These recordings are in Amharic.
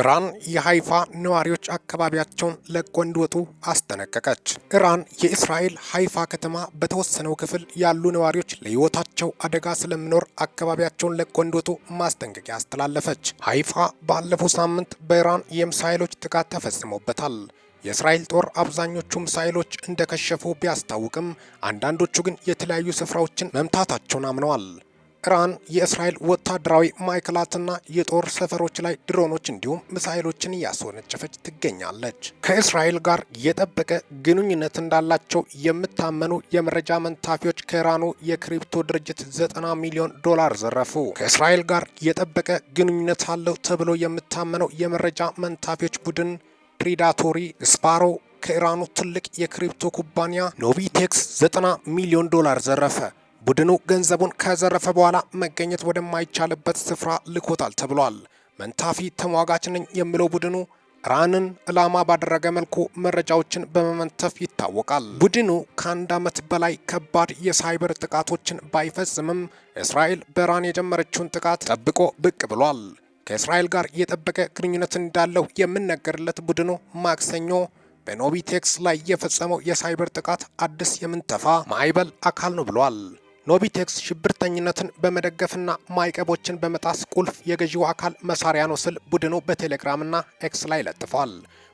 ኢራን የሀይፋ ነዋሪዎች አካባቢያቸውን ለቀው እንዲወጡ አስጠነቀቀች። ኢራን የእስራኤል ሀይፋ ከተማ በተወሰነው ክፍል ያሉ ነዋሪዎች ለሕይወታቸው አደጋ ስለሚኖር አካባቢያቸውን ለቀው እንዲወጡ ማስጠንቀቂያ አስተላለፈች። ሀይፋ ባለፈው ሳምንት በኢራን የሚሳይሎች ጥቃት ተፈጽሞበታል። የእስራኤል ጦር አብዛኞቹ ሚሳይሎች እንደከሸፉ ቢያስታውቅም አንዳንዶቹ ግን የተለያዩ ስፍራዎችን መምታታቸውን አምነዋል። ኢራን የእስራኤል ወታደራዊ ማዕከላትና የጦር ሰፈሮች ላይ ድሮኖች እንዲሁም ሚሳኤሎችን እያስወነጨፈች ትገኛለች። ከእስራኤል ጋር የጠበቀ ግንኙነት እንዳላቸው የምታመኑ የመረጃ መንታፊዎች ከኢራኑ የክሪፕቶ ድርጅት 90 ሚሊዮን ዶላር ዘረፉ። ከእስራኤል ጋር የጠበቀ ግንኙነት አለው ተብሎ የምታመነው የመረጃ መንታፊዎች ቡድን ፕሪዳቶሪ ስፓሮ ከኢራኑ ትልቅ የክሪፕቶ ኩባንያ ኖቪቴክስ 90 ሚሊዮን ዶላር ዘረፈ። ቡድኑ ገንዘቡን ከዘረፈ በኋላ መገኘት ወደማይቻልበት ስፍራ ልኮታል ተብሏል። መንታፊ ተሟጋች ነኝ የሚለው ቡድኑ ራንን ዕላማ ባደረገ መልኩ መረጃዎችን በመመንተፍ ይታወቃል። ቡድኑ ከአንድ ዓመት በላይ ከባድ የሳይበር ጥቃቶችን ባይፈጽምም እስራኤል በራን የጀመረችውን ጥቃት ጠብቆ ብቅ ብሏል። ከእስራኤል ጋር የጠበቀ ግንኙነት እንዳለው የምነገርለት ቡድኑ ማክሰኞ በኖቢቴክስ ላይ የፈጸመው የሳይበር ጥቃት አዲስ የምንተፋ ማዕበል አካል ነው ብሏል። ኖቢቴክስ ሽብርተኝነትን በመደገፍና ማዕቀቦችን በመጣስ ቁልፍ የገዢው አካል መሳሪያ ነው ስል ቡድኑ በቴሌግራምና ኤክስ ላይ ለጥፏል።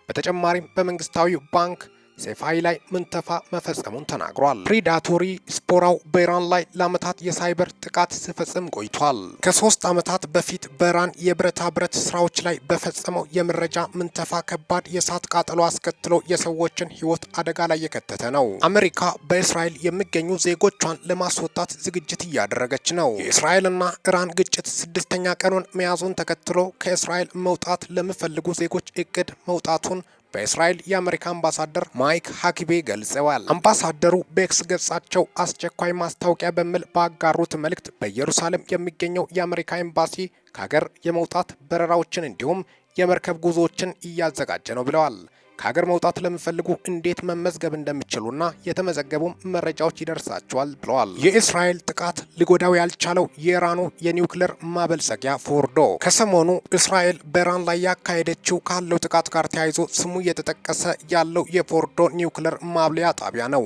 በተጨማሪም በመንግስታዊው ባንክ ሴፋይ ላይ ምንተፋ መፈጸሙን ተናግሯል። ፕሪዳቶሪ ስፖራው በኢራን ላይ ለዓመታት የሳይበር ጥቃት ሲፈጽም ቆይቷል። ከሶስት ዓመታት በፊት በኢራን የብረታ ብረት ስራዎች ላይ በፈጸመው የመረጃ ምንተፋ ከባድ የእሳት ቃጠሎ አስከትሎ የሰዎችን ሕይወት አደጋ ላይ የከተተ ነው። አሜሪካ በእስራኤል የሚገኙ ዜጎቿን ለማስወጣት ዝግጅት እያደረገች ነው። የእስራኤልና ኢራን ግጭት ስድስተኛ ቀኑን መያዙን ተከትሎ ከእስራኤል መውጣት ለሚፈልጉ ዜጎች እቅድ መውጣቱን በእስራኤል የአሜሪካ አምባሳደር ማይክ ሀኪቤ ገልጸዋል። አምባሳደሩ በኤክስ ገጻቸው አስቸኳይ ማስታወቂያ በሚል ባጋሩት መልእክት በኢየሩሳሌም የሚገኘው የአሜሪካ ኤምባሲ ከሀገር የመውጣት በረራዎችን እንዲሁም የመርከብ ጉዞዎችን እያዘጋጀ ነው ብለዋል። ከሀገር መውጣት ለሚፈልጉ እንዴት መመዝገብ እንደሚችሉና የተመዘገቡም መረጃዎች ይደርሳቸዋል ብለዋል። የእስራኤል ጥቃት ሊጎዳው ያልቻለው የኢራኑ የኒውክሌር ማበልጸጊያ ፎርዶ ከሰሞኑ እስራኤል በኢራን ላይ ያካሄደችው ካለው ጥቃት ጋር ተያይዞ ስሙ እየተጠቀሰ ያለው የፎርዶ ኒውክሌር ማብለያ ጣቢያ ነው።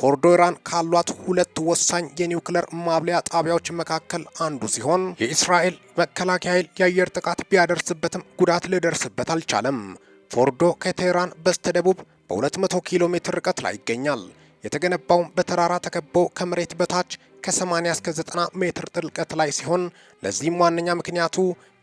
ፎርዶ ኢራን ካሏት ሁለት ወሳኝ የኒውክሌር ማብለያ ጣቢያዎች መካከል አንዱ ሲሆን የእስራኤል መከላከያ ኃይል የአየር ጥቃት ቢያደርስበትም ጉዳት ሊደርስበት አልቻለም። ፎርዶ ከቴህራን በስተደቡብ በ200 ኪሎ ሜትር ርቀት ላይ ይገኛል። የተገነባውም በተራራ ተከቦ ከመሬት በታች ከ80 እስከ 90 ሜትር ጥልቀት ላይ ሲሆን ለዚህም ዋነኛ ምክንያቱ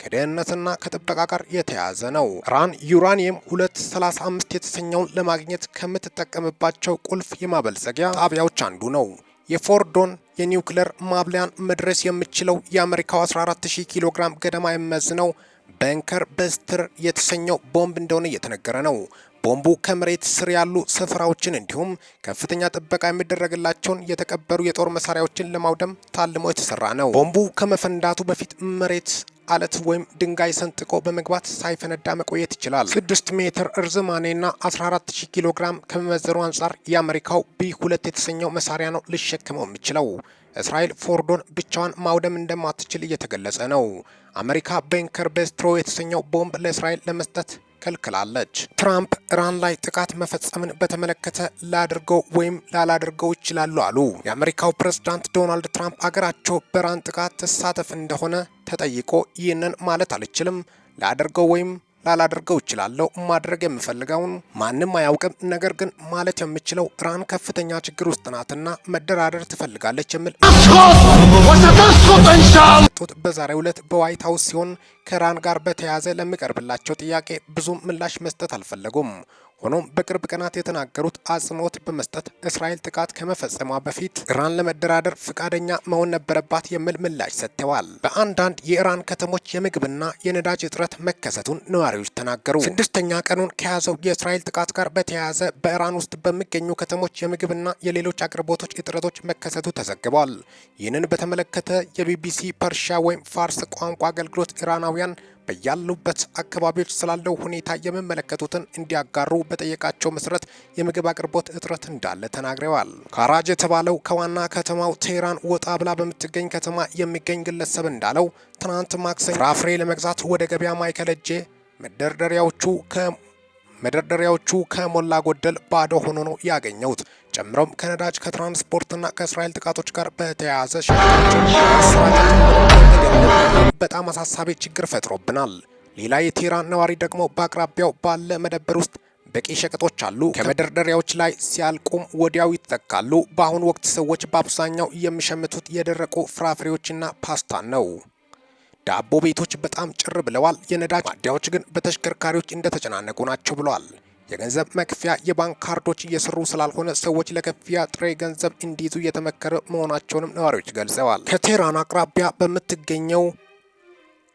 ከደህንነትና ከጥበቃ ጋር የተያያዘ ነው። ራን ዩራኒየም 235 የተሰኘውን ለማግኘት ከምትጠቀምባቸው ቁልፍ የማበልጸጊያ ጣቢያዎች አንዱ ነው። የፎርዶን የኒውክሌር ማብሊያን መድረስ የምችለው የአሜሪካው 140 ኪሎ ግራም ገደማ የሚመዝነው በንከር በስትር የተሰኘው ቦምብ እንደሆነ እየተነገረ ነው። ቦምቡ ከመሬት ስር ያሉ ስፍራዎችን እንዲሁም ከፍተኛ ጥበቃ የሚደረግላቸውን የተቀበሩ የጦር መሳሪያዎችን ለማውደም ታልሞ የተሰራ ነው። ቦምቡ ከመፈንዳቱ በፊት መሬት አለት ወይም ድንጋይ ሰንጥቆ በመግባት ሳይፈነዳ መቆየት ይችላል። ስድስት ሜትር እርዝማኔና 140 ኪሎ ግራም ከመመዘኑ አንጻር የአሜሪካው ቢ ሁለት የተሰኘው መሳሪያ ነው ልሸከመው የሚችለው። እስራኤል ፎርዶን ብቻዋን ማውደም እንደማትችል እየተገለጸ ነው። አሜሪካ በንከር ቤስትሮ የተሰኘው ቦምብ ለእስራኤል ለመስጠት ከልክላለች። ትራምፕ ኢራን ላይ ጥቃት መፈጸምን በተመለከተ ላድርገው ወይም ላላድርገው ይችላሉ አሉ። የአሜሪካው ፕሬዝዳንት ዶናልድ ትራምፕ አገራቸው በኢራን ጥቃት ተሳተፍ እንደሆነ ተጠይቆ ይህንን ማለት አልችልም ላደርገው ወይም ላላደርገው እችላለሁ። ማድረግ የምፈልገውን ማንም አያውቅም፣ ነገር ግን ማለት የምችለው ኢራን ከፍተኛ ችግር ውስጥ ናትና መደራደር ትፈልጋለች የሚል ያሳለፉት በዛሬው ዕለት በዋይት ሀውስ ሲሆን ከኢራን ጋር በተያያዘ ለሚቀርብላቸው ጥያቄ ብዙም ምላሽ መስጠት አልፈለጉም። ሆኖም በቅርብ ቀናት የተናገሩት አጽንኦት በመስጠት እስራኤል ጥቃት ከመፈጸሟ በፊት ኢራን ለመደራደር ፍቃደኛ መሆን ነበረባት የሚል ምላሽ ሰጥተዋል። በአንዳንድ የኢራን ከተሞች የምግብና የነዳጅ እጥረት መከሰቱን ነዋሪዎች ተናገሩ። ስድስተኛ ቀኑን ከያዘው የእስራኤል ጥቃት ጋር በተያያዘ በኢራን ውስጥ በሚገኙ ከተሞች የምግብና የሌሎች አቅርቦቶች እጥረቶች መከሰቱ ተዘግቧል። ይህንን በተመለከተ የቢቢሲ ፐርሻ ራሽያ ወይም ፋርስ ቋንቋ አገልግሎት ኢራናውያን በያሉበት አካባቢዎች ስላለው ሁኔታ የሚመለከቱትን እንዲያጋሩ በጠየቃቸው መሰረት የምግብ አቅርቦት እጥረት እንዳለ ተናግረዋል። ካራጅ የተባለው ከዋና ከተማው ቴህራን ወጣ ብላ በምትገኝ ከተማ የሚገኝ ግለሰብ እንዳለው ትናንት ማክሰኞ ፍራፍሬ ለመግዛት ወደ ገበያ ማዕከል ሄጄ መደርደሪያዎቹ ከሞላ ጎደል ባዶ ሆኖ ነው ያገኘሁት። ጨምሮም ከነዳጅ ከትራንስፖርትና ከእስራኤል ጥቃቶች ጋር በተያያዘ በጣም አሳሳቢ ችግር ፈጥሮብናል። ሌላ የቴህራን ነዋሪ ደግሞ በአቅራቢያው ባለ መደብር ውስጥ በቂ ሸቀጦች አሉ። ከመደርደሪያዎች ላይ ሲያልቁም ወዲያው ይተካሉ። በአሁኑ ወቅት ሰዎች በአብዛኛው የሚሸምቱት የደረቁ ፍራፍሬዎችና ፓስታን ነው። ዳቦ ቤቶች በጣም ጭር ብለዋል። የነዳጅ ማደያዎች ግን በተሽከርካሪዎች እንደተጨናነቁ ናቸው ብለዋል። የገንዘብ መክፊያ የባንክ ካርዶች እየሰሩ ስላልሆነ ሰዎች ለክፍያ ጥሬ ገንዘብ እንዲይዙ እየተመከረ መሆናቸውንም ነዋሪዎች ገልጸዋል። ከቴህራን አቅራቢያ በምትገኘው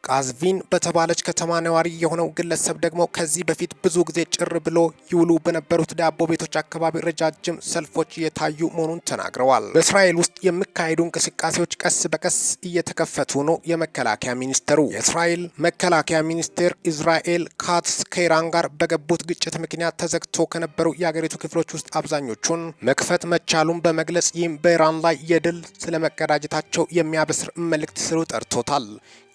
ቃዝቪን በተባለች ከተማ ነዋሪ የሆነው ግለሰብ ደግሞ ከዚህ በፊት ብዙ ጊዜ ጭር ብሎ ይውሉ በነበሩት ዳቦ ቤቶች አካባቢ ረጃጅም ሰልፎች እየታዩ መሆኑን ተናግረዋል። በእስራኤል ውስጥ የሚካሄዱ እንቅስቃሴዎች ቀስ በቀስ እየተከፈቱ ነው። የመከላከያ ሚኒስትሩ የእስራኤል መከላከያ ሚኒስቴር ኢዝራኤል ካትስ ከኢራን ጋር በገቡት ግጭት ምክንያት ተዘግቶ ከነበሩ የአገሪቱ ክፍሎች ውስጥ አብዛኞቹን መክፈት መቻሉን በመግለጽ ይህም በኢራን ላይ የድል ስለመቀዳጀታቸው የሚያበስር መልእክት ስሉ ጠርቶታል።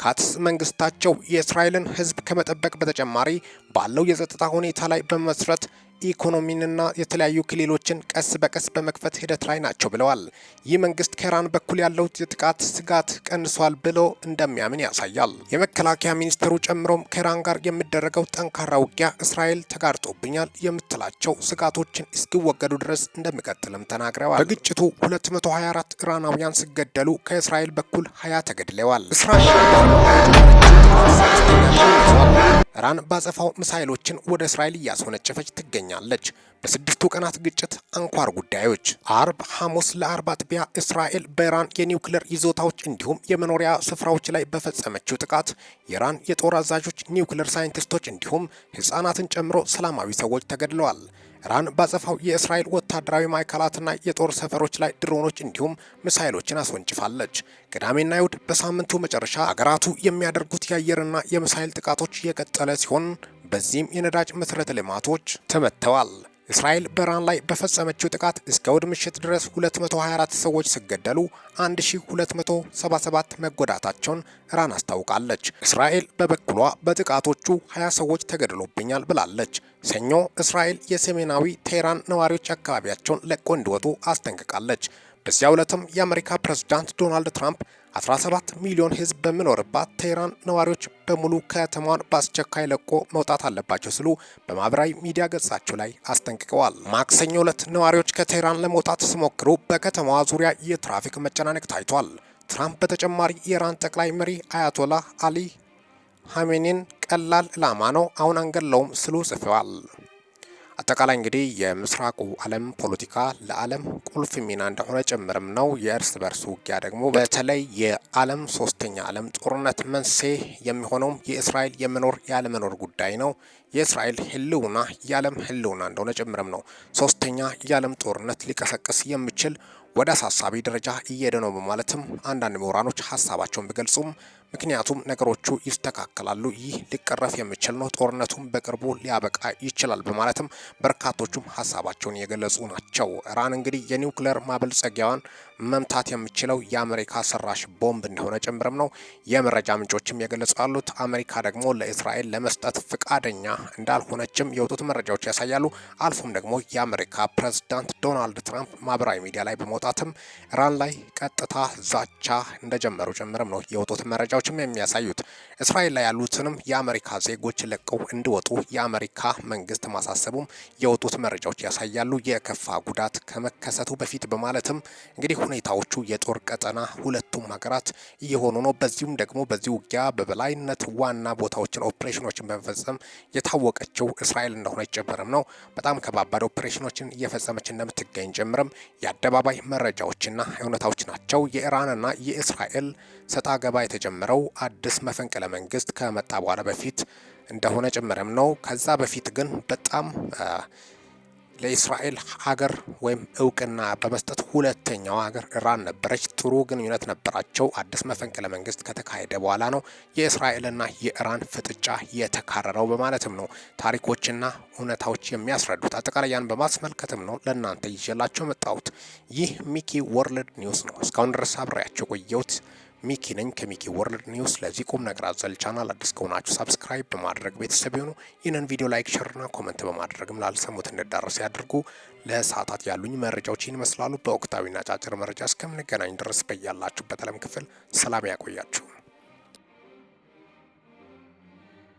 ካትስ መንግስታቸው የእስራኤልን ህዝብ ከመጠበቅ በተጨማሪ ባለው የጸጥታ ሁኔታ ላይ በመስረት ኢኮኖሚንና የተለያዩ ክልሎችን ቀስ በቀስ በመክፈት ሂደት ላይ ናቸው ብለዋል። ይህ መንግስት ከኢራን በኩል ያለው የጥቃት ስጋት ቀንሷል ብሎ እንደሚያምን ያሳያል። የመከላከያ ሚኒስትሩ ጨምሮም ከኢራን ጋር የሚደረገው ጠንካራ ውጊያ እስራኤል ተጋርጦብኛል የምትላቸው ስጋቶችን እስኪወገዱ ድረስ እንደሚቀጥልም ተናግረዋል። በግጭቱ 224 ኢራናውያን ሲገደሉ ከእስራኤል በኩል ሀያ ተገድለዋል። እስራኤል ኢራን ባጸፋው ሚሳይሎችን ወደ እስራኤል እያስወነጨፈች ትገኛለች። በስድስቱ ቀናት ግጭት አንኳር ጉዳዮች አርብ ሐሙስ ለአርብ አጥቢያ እስራኤል በኢራን የኒውክሌር ይዞታዎች እንዲሁም የመኖሪያ ስፍራዎች ላይ በፈጸመችው ጥቃት የኢራን የጦር አዛዦች፣ ኒውክሌር ሳይንቲስቶች እንዲሁም ሕፃናትን ጨምሮ ሰላማዊ ሰዎች ተገድለዋል። ኢራን ባጸፋው የእስራኤል ወታደራዊ ማዕከላትና የጦር ሰፈሮች ላይ ድሮኖች እንዲሁም ሚሳይሎችን አስወንጭፋለች። ቅዳሜና እሁድ በሳምንቱ መጨረሻ አገራቱ የሚያደርጉት የአየርና የሚሳይል ጥቃቶች የቀጠለ ሲሆን በዚህም የነዳጅ መሰረተ ልማቶች ተመተዋል። እስራኤል በኢራን ላይ በፈጸመችው ጥቃት እስከ እሁድ ምሽት ድረስ 224 ሰዎች ሲገደሉ 1277 መጎዳታቸውን ኢራን አስታውቃለች። እስራኤል በበኩሏ በጥቃቶቹ 20 ሰዎች ተገድሎብኛል ብላለች። ሰኞ እስራኤል የሰሜናዊ ቴህራን ነዋሪዎች አካባቢያቸውን ለቆ እንዲወጡ አስጠንቅቃለች። በዚያው ዕለትም የአሜሪካ ፕሬዝዳንት ዶናልድ ትራምፕ 17 ሚሊዮን ሕዝብ በሚኖርባት ቴህራን ነዋሪዎች በሙሉ ከተማዋን በአስቸኳይ ለቆ መውጣት አለባቸው ሲሉ በማህበራዊ ሚዲያ ገጻቸው ላይ አስጠንቅቀዋል። ማክሰኞ ዕለት ነዋሪዎች ከቴህራን ለመውጣት ሲሞክሩ በከተማዋ ዙሪያ የትራፊክ መጨናነቅ ታይቷል። ትራምፕ በተጨማሪ የኢራን ጠቅላይ መሪ አያቶላ አሊ ሐሜኒን ቀላል ዕላማ ነው፣ አሁን አንገለውም ሲሉ ጽፈዋል። አጠቃላይ እንግዲህ የምስራቁ ዓለም ፖለቲካ ለዓለም ቁልፍ ሚና እንደሆነ ጭምርም ነው። የእርስ በርስ ውጊያ ደግሞ በተለይ የዓለም ሶስተኛ ዓለም ጦርነት መንስኤ የሚሆነውም የእስራኤል የመኖር ያለመኖር ጉዳይ ነው። የእስራኤል ህልውና የዓለም ህልውና እንደሆነ ጭምርም ነው። ሶስተኛ የዓለም ጦርነት ሊቀሰቅስ የሚችል ወደ አሳሳቢ ደረጃ እየሄደ ነው በማለትም አንዳንድ ምሁራኖች ሀሳባቸውን ቢገልጹም ምክንያቱም ነገሮቹ ይስተካከላሉ፣ ይህ ሊቀረፍ የሚችል ነው፣ ጦርነቱም በቅርቡ ሊያበቃ ይችላል በማለትም በርካቶቹም ሀሳባቸውን የገለጹ ናቸው። ኢራን እንግዲህ የኒውክሌር ማበልጸጊያዋን መምታት የሚችለው የአሜሪካ ሰራሽ ቦምብ እንደሆነ ጭምርም ነው የመረጃ ምንጮችም የገለጹ ያሉት። አሜሪካ ደግሞ ለእስራኤል ለመስጠት ፍቃደኛ እንዳልሆነችም የወጡት መረጃዎች ያሳያሉ። አልፎም ደግሞ የአሜሪካ ፕሬዝዳንት ዶናልድ ትራምፕ ማህበራዊ ሚዲያ ላይ በመውጣትም ኢራን ላይ ቀጥታ ዛቻ እንደጀመሩ ጭምርም ነው የወጡት መረጃዎችም የሚያሳዩት። እስራኤል ላይ ያሉትንም የአሜሪካ ዜጎች ለቀው እንዲወጡ የአሜሪካ መንግስት ማሳሰቡም የወጡት መረጃዎች ያሳያሉ። የከፋ ጉዳት ከመከሰቱ በፊት በማለትም እንግዲህ ሁኔታዎቹ የጦር ቀጠና ሁለቱም ሀገራት እየሆኑ ነው። በዚሁም ደግሞ በዚህ ውጊያ በበላይነት ዋና ቦታዎችን ኦፕሬሽኖችን በመፈጸም የታወቀችው እስራኤል እንደሆነ ጭምርም ነው። በጣም ከባባድ ኦፕሬሽኖችን እየፈጸመች እንደምትገኝ ጭምርም የአደባባይ መረጃዎችና እውነታዎች ናቸው። የኢራንና የእስራኤል ሰጣ ገባ የተጀመረው አዲስ መፈንቅለ መንግስት ከመጣ በኋላ በፊት እንደሆነ ጭምርም ነው። ከዛ በፊት ግን በጣም ለእስራኤል ሀገር ወይም እውቅና በመስጠት ሁለተኛው ሀገር ኢራን ነበረች። ጥሩ ግንኙነት ነበራቸው። አዲስ መፈንቅለ መንግስት ከተካሄደ በኋላ ነው የእስራኤልና የኢራን ፍጥጫ የተካረረው በማለትም ነው ታሪኮችና እውነታዎች የሚያስረዱት። አጠቃላይ ያን በማስመልከትም ነው ለእናንተ ይዤላቸው መጣሁት። ይህ ሚኪ ወርልድ ኒውስ ነው። እስካሁን ድረስ አብሬያቸው ቆየሁት። ሚኪ ነኝ ከሚኪ ወርልድ ኒውስ። ለዚህ ቁም ነገር አዘል ቻናል አዲስ ከሆናችሁ ሰብስክራይብ በማድረግ ቤተሰብ የሆኑ ይህንን ቪዲዮ ላይክ፣ ሸርና ኮመንት በማድረግም ላልሰሙት እንዲዳረስ ያድርጉ። ለሰዓታት ያሉኝ መረጃዎች ይህን ይመስላሉ። በወቅታዊና ጫጭር መረጃ እስከምንገናኝ ድረስ በያላችሁበት ዓለም ክፍል ሰላም ያቆያችሁ።